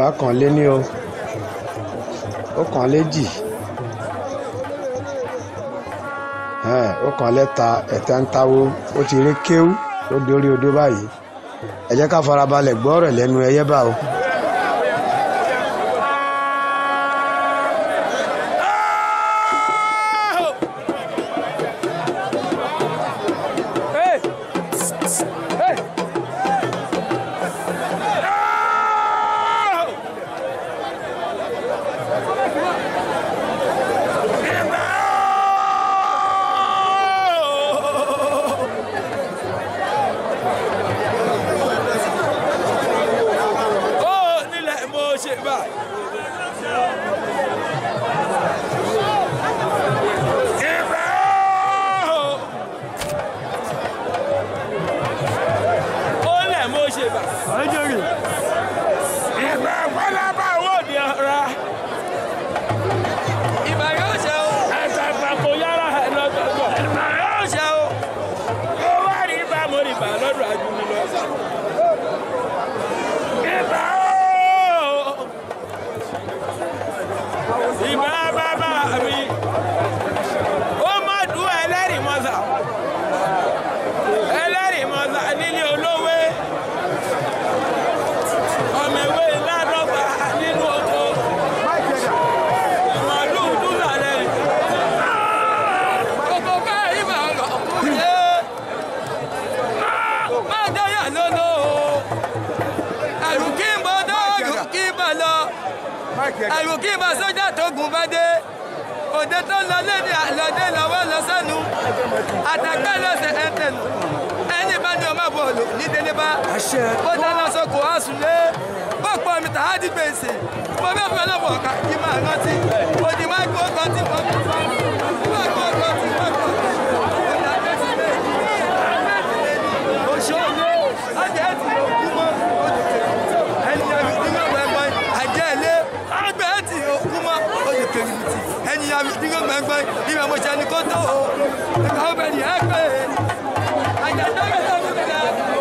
bá kàn lé ní o ó kàn lé jì ó kàn lẹ́ta ẹ̀tẹ́ ń táwó ó ti rí kéwú ó dórí odó báyìí ẹ ká farabalẹ̀ gbọ́ ọ̀rọ̀ lẹ́nu ẹyẹ bá o. àròkí ma sójà tó gùn bá dé òde tó lọ lẹ́ni àlọ́dé lọ́wọ́ lọ́sẹ̀nu àtàgbà lọ́sẹ̀ ẹ̀ńtẹ̀n ẹni bá ní ọmọ bọ̀ọ̀lù ní délébá ó dáná sóko àsùnlé pọ̀pọ̀ mi tàá di gbèsè mo fẹ́ fẹ́ lọ́wọ́ ọ̀ka kí máa rántí òdì máa gbó kan tí mo fi fọ́ọ̀mù. ningombembe imamoshani kotoho ngahobeni hekwe anjandogetanubegaga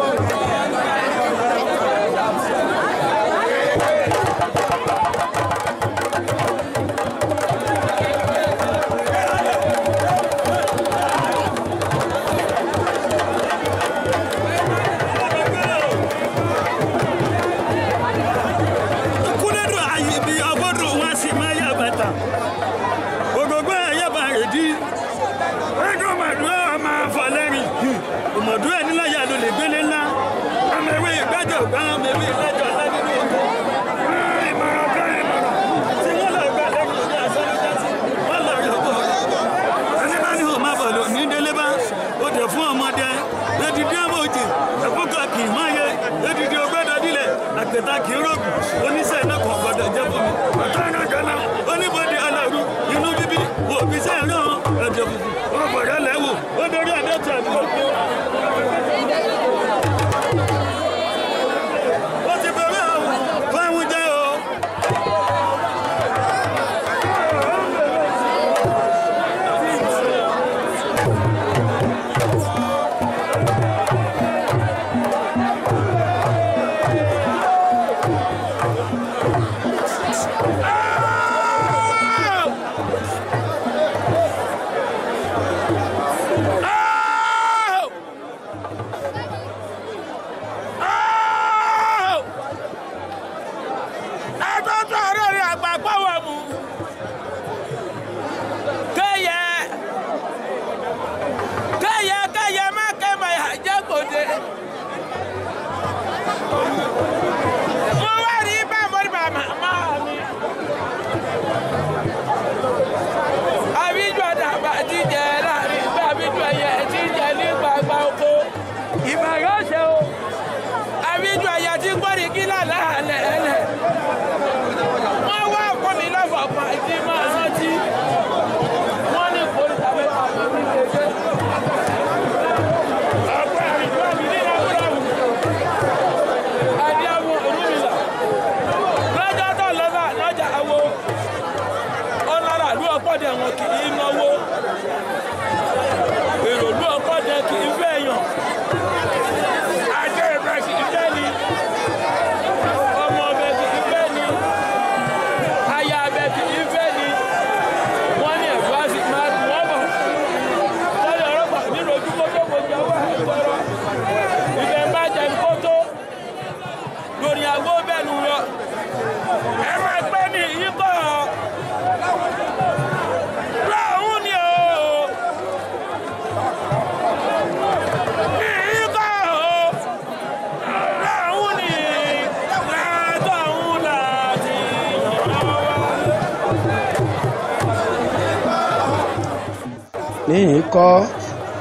kọ́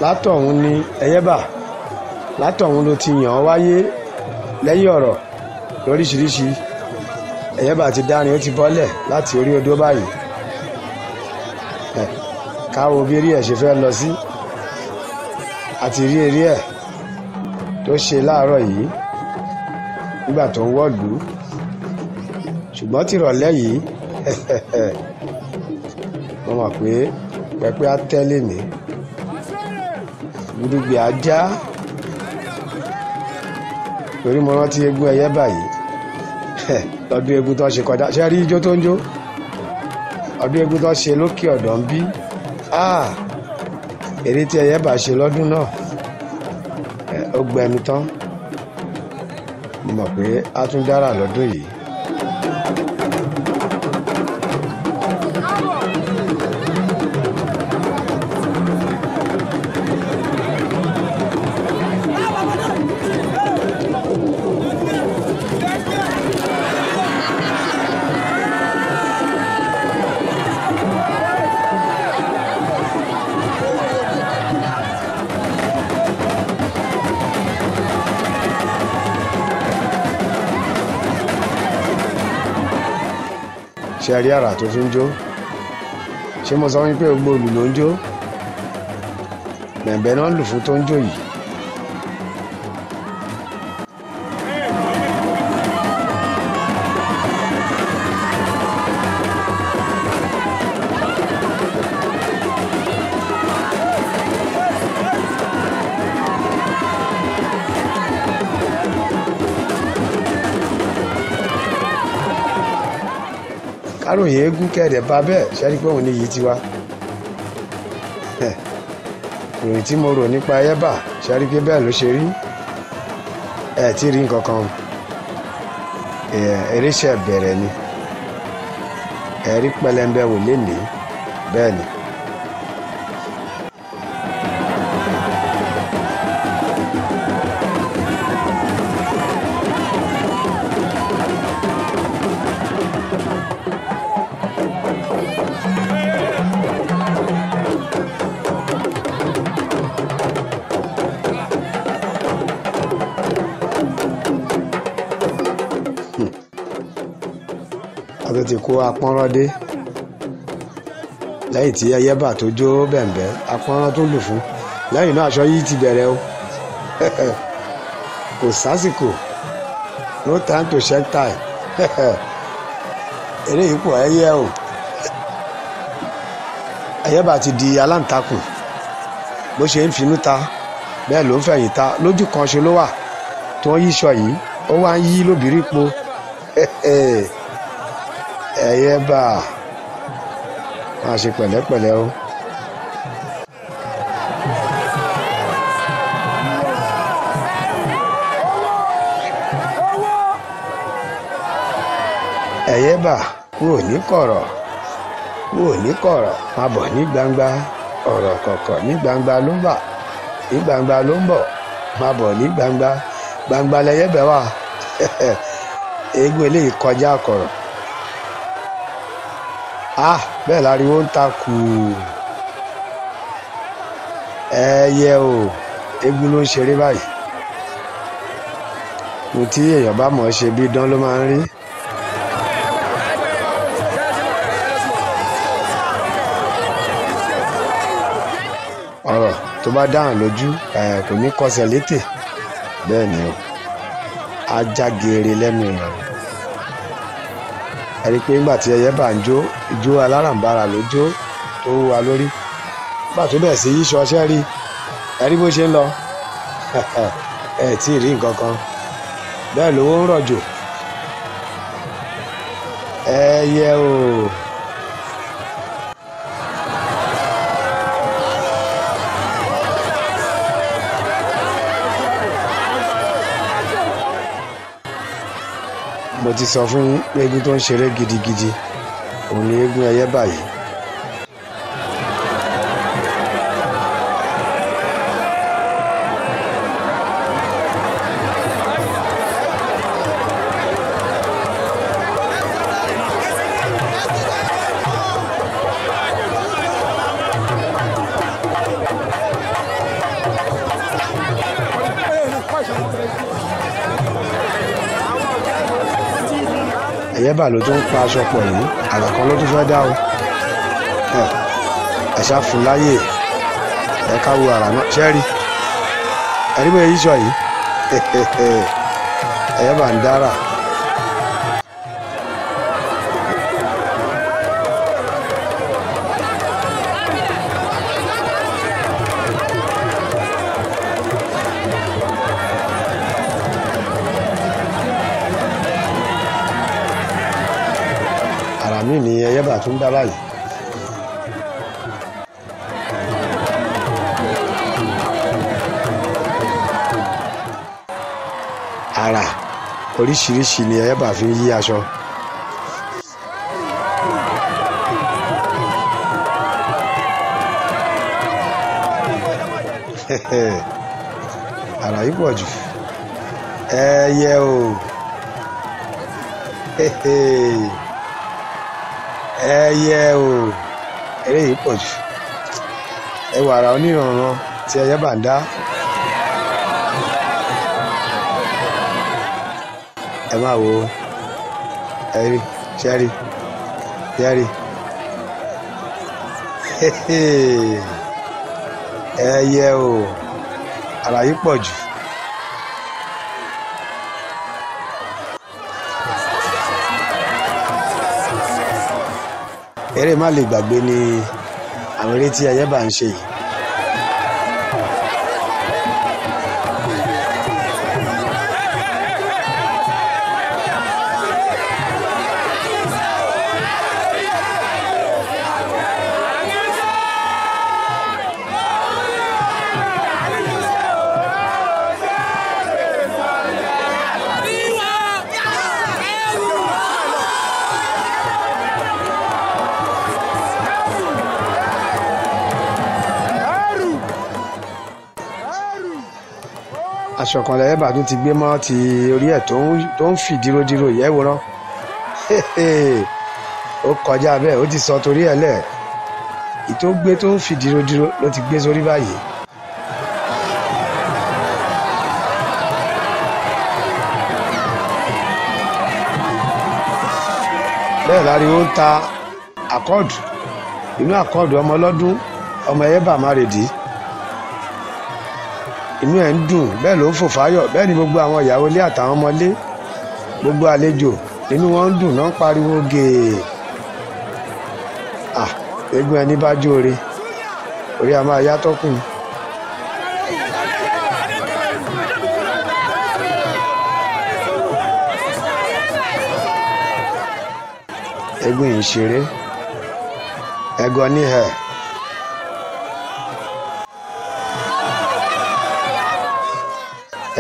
látọ̀hún ni ẹyẹ́bà látọ̀hún ló ti yàn ọ́ wáyé lẹ́yìn ọ̀rọ̀ lóríṣiríṣi ẹyẹ́bà ti dárin ó ti bọ́lẹ̀ láti orí odó báyìí káwo bí eré ẹ̀ ṣe fẹ́ lọ sí àti rí eré ẹ̀ tó ṣe láàárọ̀ yìí nígbà tó ń wọ́ọ̀lù ṣùgbọ́n tìrọ̀lẹ́ yìí mo mọ̀ pé pẹpẹ á tẹ́lẹ̀ mi gúdúgbì ajá torí mo rántí eégún ẹyẹ báyìí lọ́dún eégún tó ṣe kọjá ṣe rí ijó tó ń jó ọdún eégún tó ṣe lókè ọ̀dọ̀ ń bí ah! èrè tí ẹyẹ bá ṣe lọ́dún náà ó gbẹnu tán mo mọ̀ pé a tún dára lọ́dún yìí. ṣe rí àrà tó fi ń jó ṣé mo sọ wípé gbogbo olù ń jó bẹ̀ẹ̀bẹ̀ náà lù fún tó ń jó yìí káròyìn eégún kẹ̀dẹ̀ bá bẹ́ẹ̀ ṣẹ́ni pé òun ní yìí tiwa ìròyìn tí mo rò nípa Ayẹ́bà ṣẹ́ni pé bẹ́ẹ̀ ló ṣe rí ẹ̀ tí rí nǹkan kan eréṣẹ́ bẹ̀rẹ̀ ni ẹ̀rí pẹlẹmbẹ wò lénìí bẹ́ẹ̀ ni. ti kó apọ́nrán dé lẹ́yìn tí ẹyẹ́bà tó jó bẹ̀m̀bẹ́ apọ́nrán tó lù fún lẹ́yìn náà aṣọ yìí ti bẹ̀rẹ̀ o kò sásìkò no time to check time eré ipò ẹyẹ o ẹyẹ́bà ti di aláǹtakùn bó ṣe ń finú ta bẹ́ẹ̀ ló ń fẹ̀yìn ta lójú kan ṣe ló wà tó ń yíṣọ yìí ó wá ń yí lóbìrí po. ẹyẹ bá a máa ṣe pẹ̀lẹ́pẹ̀lẹ́ o. ẹyẹ bá kúrò ní kọ̀rọ̀ kúrò ní kọ̀rọ̀ máa bọ̀ ní gbangba ọ̀rọ̀ kọ̀kọ̀ ní gbangba ló ń bà ní gbangba ló ń bọ̀ máa bọ̀ ní gbangba gbangba lẹyẹ bẹ wà eégún eléyìí kọjá kọ̀rọ̀ ah bẹ́ẹ̀ láriwo ń ta kù ẹyẹ o eégún ló ń ṣeré báyìí kò tí èèyàn bá mọ̀ ọ́ ṣe bí dán ló máa ń rí. ọ̀rọ̀ tó bá dáhùn lójú kò ní kọsẹ̀ létè bẹ́ẹ̀ ni o ajá geere lẹ́nu ìrànlọ́ ẹ̀rí pé nígbà tí ẹyẹ bá ń jó ijó alárànbarà ló jó tó wú wa lórí nígbà tó bẹ̀ sí yíṣọ ọṣẹ́ rí ẹ̀rí bó ṣe ń lọ ẹ̀ tí ì rí nǹkan kan bẹ́ẹ̀ lówó ń rọ̀jò ẹyẹ o. mo ti sọ fún eégún tó ń ṣeré gidigidi òun ni eégún ẹyẹ báyìí ẹ̀yẹ́bà ló tún ń pa aṣọ pọ̀ yìí àlàkàn ló tún fẹ́ dá o ẹ fún láyè ẹ káwọ àrà náà ṣẹ́ẹ̀rì ẹ̀rí bẹ́ẹ̀ yíṣọ yìí ẹ̀yẹ́bà ń dára. tún dá báyìí. àrà oríṣiríṣi ni ẹ bá fi yí aṣọ. àrà yìí pọ̀ jù ẹyẹ o. Hey, hey ẹyẹ o eléyìí pọ̀ jù ẹ wàrà onírànran tí ẹyẹ bá ń dá ẹ máa wo ẹ rí ṣe rí ṣe rí ẹyẹ o àlàyé pọ̀ jù. eré má lè gbàgbé ni àwọn eré tí ayaba ń ṣe yìí àṣọkanlẹ̀ ẹ̀bà tún ti gbé mọ́ ti orí ẹ̀ tó ń fì dírodíro yẹ̀ wòran ó kọjá bẹ́ẹ̀ ó ti sọ torí ẹ̀ lẹ̀ ìtó gbé tó ń fì dírodíro ló ti gbé sórí báyìí. bẹ́ẹ̀ láriwo ń ta akọ́ọ̀dù inú akọ́ọ̀dù ọmọ ọlọ́dún ọmọ ẹ̀yẹ́bà má rèdí inú ẹ̀ ń dùn bẹ́ẹ̀ ló ń fò fáyọ̀ bẹ́ẹ̀ ni gbogbo àwọn ìyàwó ilé àtàwọn ọmọlé gbogbo àlejò inú wọn ń dùn náà ń pariwo gèè à eégún ẹni bá jó ore orí a máa yá tọ́kùn. eégún yìí ń ṣeré ẹgọ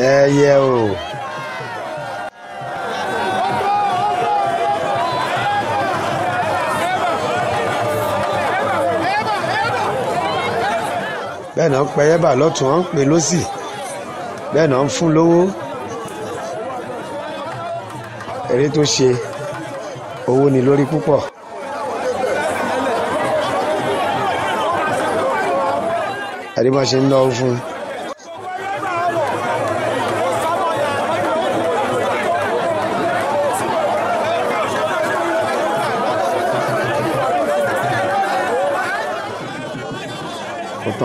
ẹ yẹ e o. bẹ́ẹ̀ náà ń pẹ́ yẹ́bà lọ́tún wọ́n ń pè lọ́sì bẹ́ẹ̀ náà ń fún lówó eré tó ṣe owó ni lórí púpọ̀. àdìmọ̀ ṣe ń lọ́wọ́ fún un.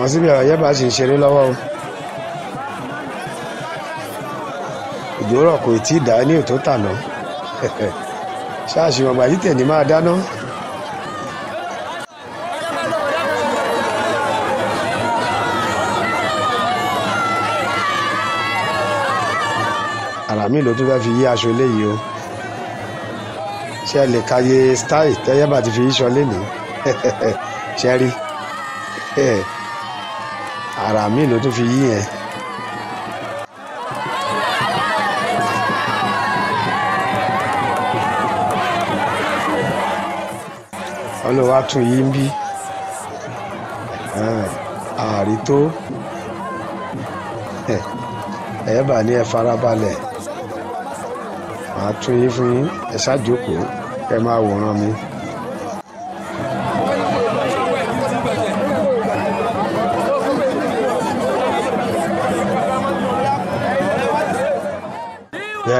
wọ́n síbi àyẹ́ bá sì ṣeré lọ́wọ́ o. ìjòrò kò tí ì dá ní ètò tàná ṣáàṣì wọn gbàdí tẹ̀ ní máa dáná. àràmì ló tún fẹ́ fi yí aṣọ eléyìí o ṣe lè kàyé style tẹ́yẹ́ bá ti fi yí sọ lénìí ṣe rí. àrà míì ló tún fi yí yẹn. ọlọ́wà tún yí ń bí ààrí tó ẹ bá ní ẹ farabalẹ̀ màá tún yí fún yín ẹ ṣáàjókòó ẹ máa wòran mi.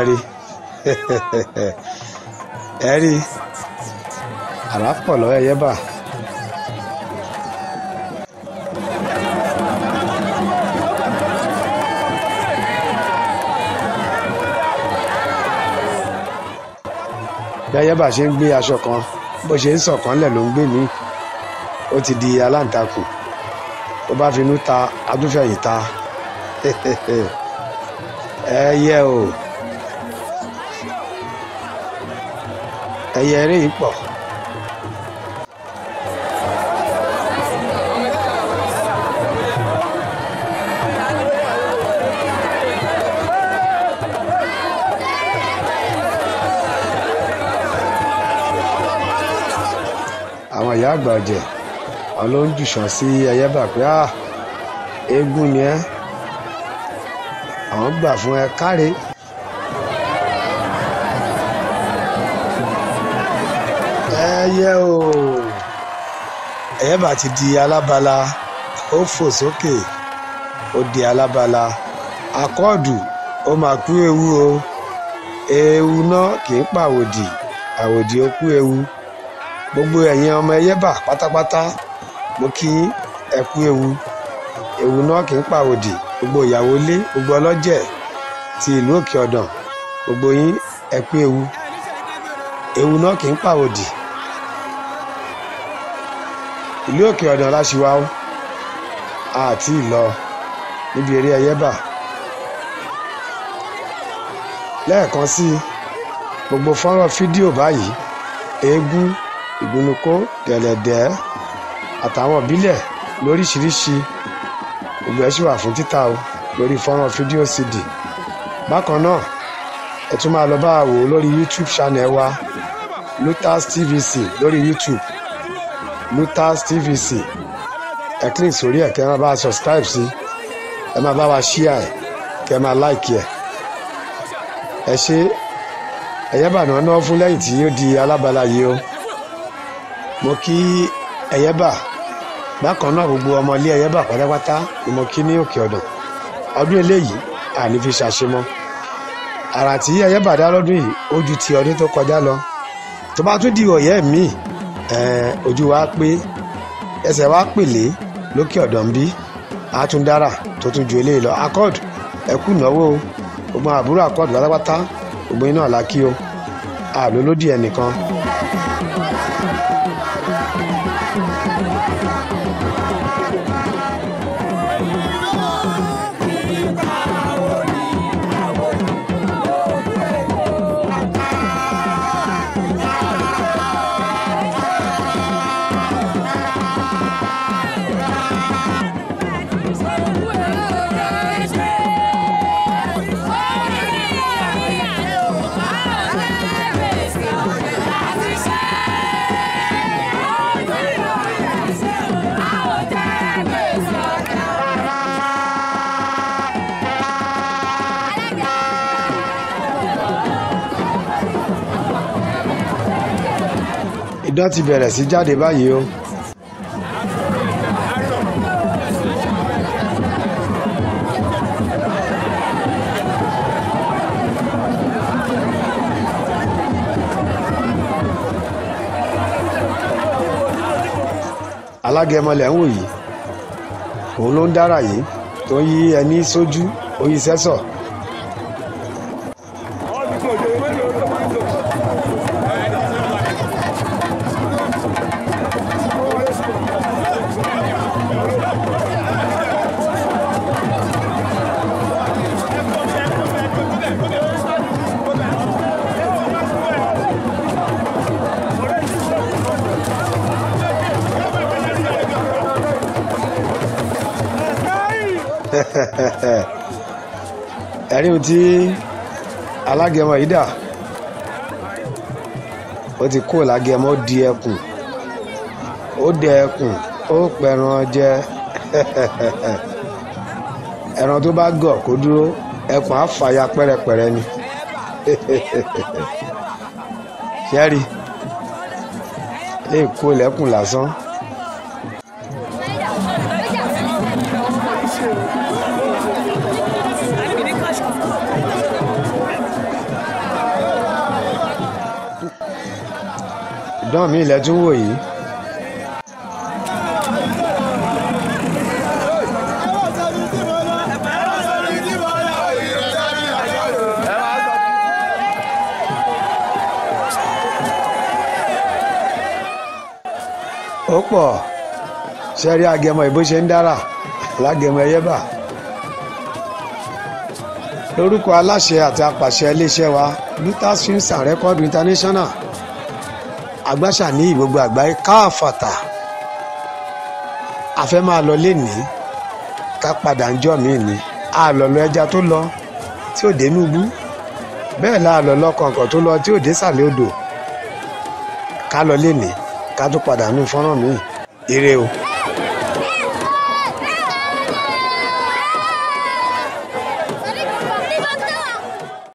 rí ẹ rí àràpọ̀ lọ́wọ́ ẹyẹ bá. bí ayaba ṣe ń gbé aṣọ kan bó ṣe ń sọ̀kan lẹ̀ ló ń gbé mi ó ti di aláǹtakùn tó bá finú ta adúfẹ̀yìn ta ẹ yẹ o. ẹyẹ eré yìí pọ̀. àwọn ìyá àgbà ọ̀jẹ̀ àwọn ló ń jùṣàn sí ẹyẹ́bà pé ah eégún ni ẹ́ àwọn gbà fún ẹ káre. yẹ o ẹ̀yẹ́ bá ti di alábala ó fò sókè ó di alábala akọ́ọ̀dù ó máa kú ewu o ewu náà kì í pàwòdì àwòdì ó kú ewu gbogbo ẹ̀yin ọmọ ẹ̀yẹ́ bà pátápátá mo kí ẹ kú ewu ewu náà kì í pàwòdì gbogbo ìyàwó ilé gbogbo ọlọ́jẹ̀ ti ìlú òkè ọ̀dàn gbogbo yín ẹ kú ewu ewu náà kì í pàwòdì ìlú òkè ọ̀dàn láṣìwáwó àti ìlọ níbi eré ẹyẹ́bà lẹ́ẹ̀kan sí gbogbo fọ́nrán fídíò báyìí eégún ìgbónukó gẹ̀lẹ̀dẹ́ àtàwọn ìbílẹ̀ lóríṣiríṣi gbogbo ẹ̀ sì wà fún títà o lórí fọ́nrán fídíò cd bákan náà ẹ tún máa lọ bá a wò lórí youtube channel wa lutas tvc lórí youtube Lutas TVC ẹ click sórí ẹ kẹ ẹ máa bá a subscribe sí ẹ máa bá wa share ẹ kẹ ẹ máa like ẹ ẹ ṣe ẹyẹ bàánà náà fún lẹ́yìn tí ó di alábala yìí o mo kí ẹyẹ bà bákan náà gbogbo ọmọ ilé ẹyẹ bà pátápátá ni mo kí ní òkè ọ̀dọ̀ ọdún eléyìí àní fi ṣàṣemọ́ àrà tí ẹyẹ bà dá lọ́dún yìí ó ju ti ọdún tó kọjá lọ tó bá tún di ọ̀yẹ́ míì ojú wa pé ẹsẹ̀ wa pèlè lókè ọ̀dọ̀ ń bí àtúndára tó tún ju eléyìí lọ akọ́ọ̀dù ẹ̀kú ìnáwó ogun àbúrò akọ́ọ̀dù látápátá ògbóyin náà la o àlọ́ lódì ẹnìkan. idán ti bẹ̀rẹ̀ sí jáde báyìí o. alágẹmọlẹ̀ ń wò yìí òun ló ń dára yìí tó ń yí ẹni sójú oyin sẹ́sọ̀. tí alágẹmọ yìí dà ó ti kó lágẹmọ di ẹkùn ó dẹ ẹkùn ó pẹran jẹ ẹran tó bá gọ̀ kó dúró ẹkùn á fàya pẹ́rẹpẹ̀rẹ ni ṣẹ́rí lè kó lẹ́kùn lásán. Ramadan mi ilẹ̀ tún wò yìí. ó pọ̀ sẹ́rí agẹmọ ìbò ṣe ń dára lágẹmọ ẹyẹ́bà lórúkọ aláṣẹ àti apàṣẹ iléeṣẹ́ wa Lutas Films and Records International agbáṣà ní gbogbo àgbáyé káfàtà àfẹ́ máa lọ lénìí ká padà ń jọ́ míì ni àlọ́lọ́ ẹja tó lọ tí ò dé nùbú bẹ́ẹ̀ la àlọ́lọ́ kọ̀ọ̀kan tó lọ tí ò dé sàlẹ̀ odò ká lọ lénìí ká tún padà nù fọ́nrán míì ire o.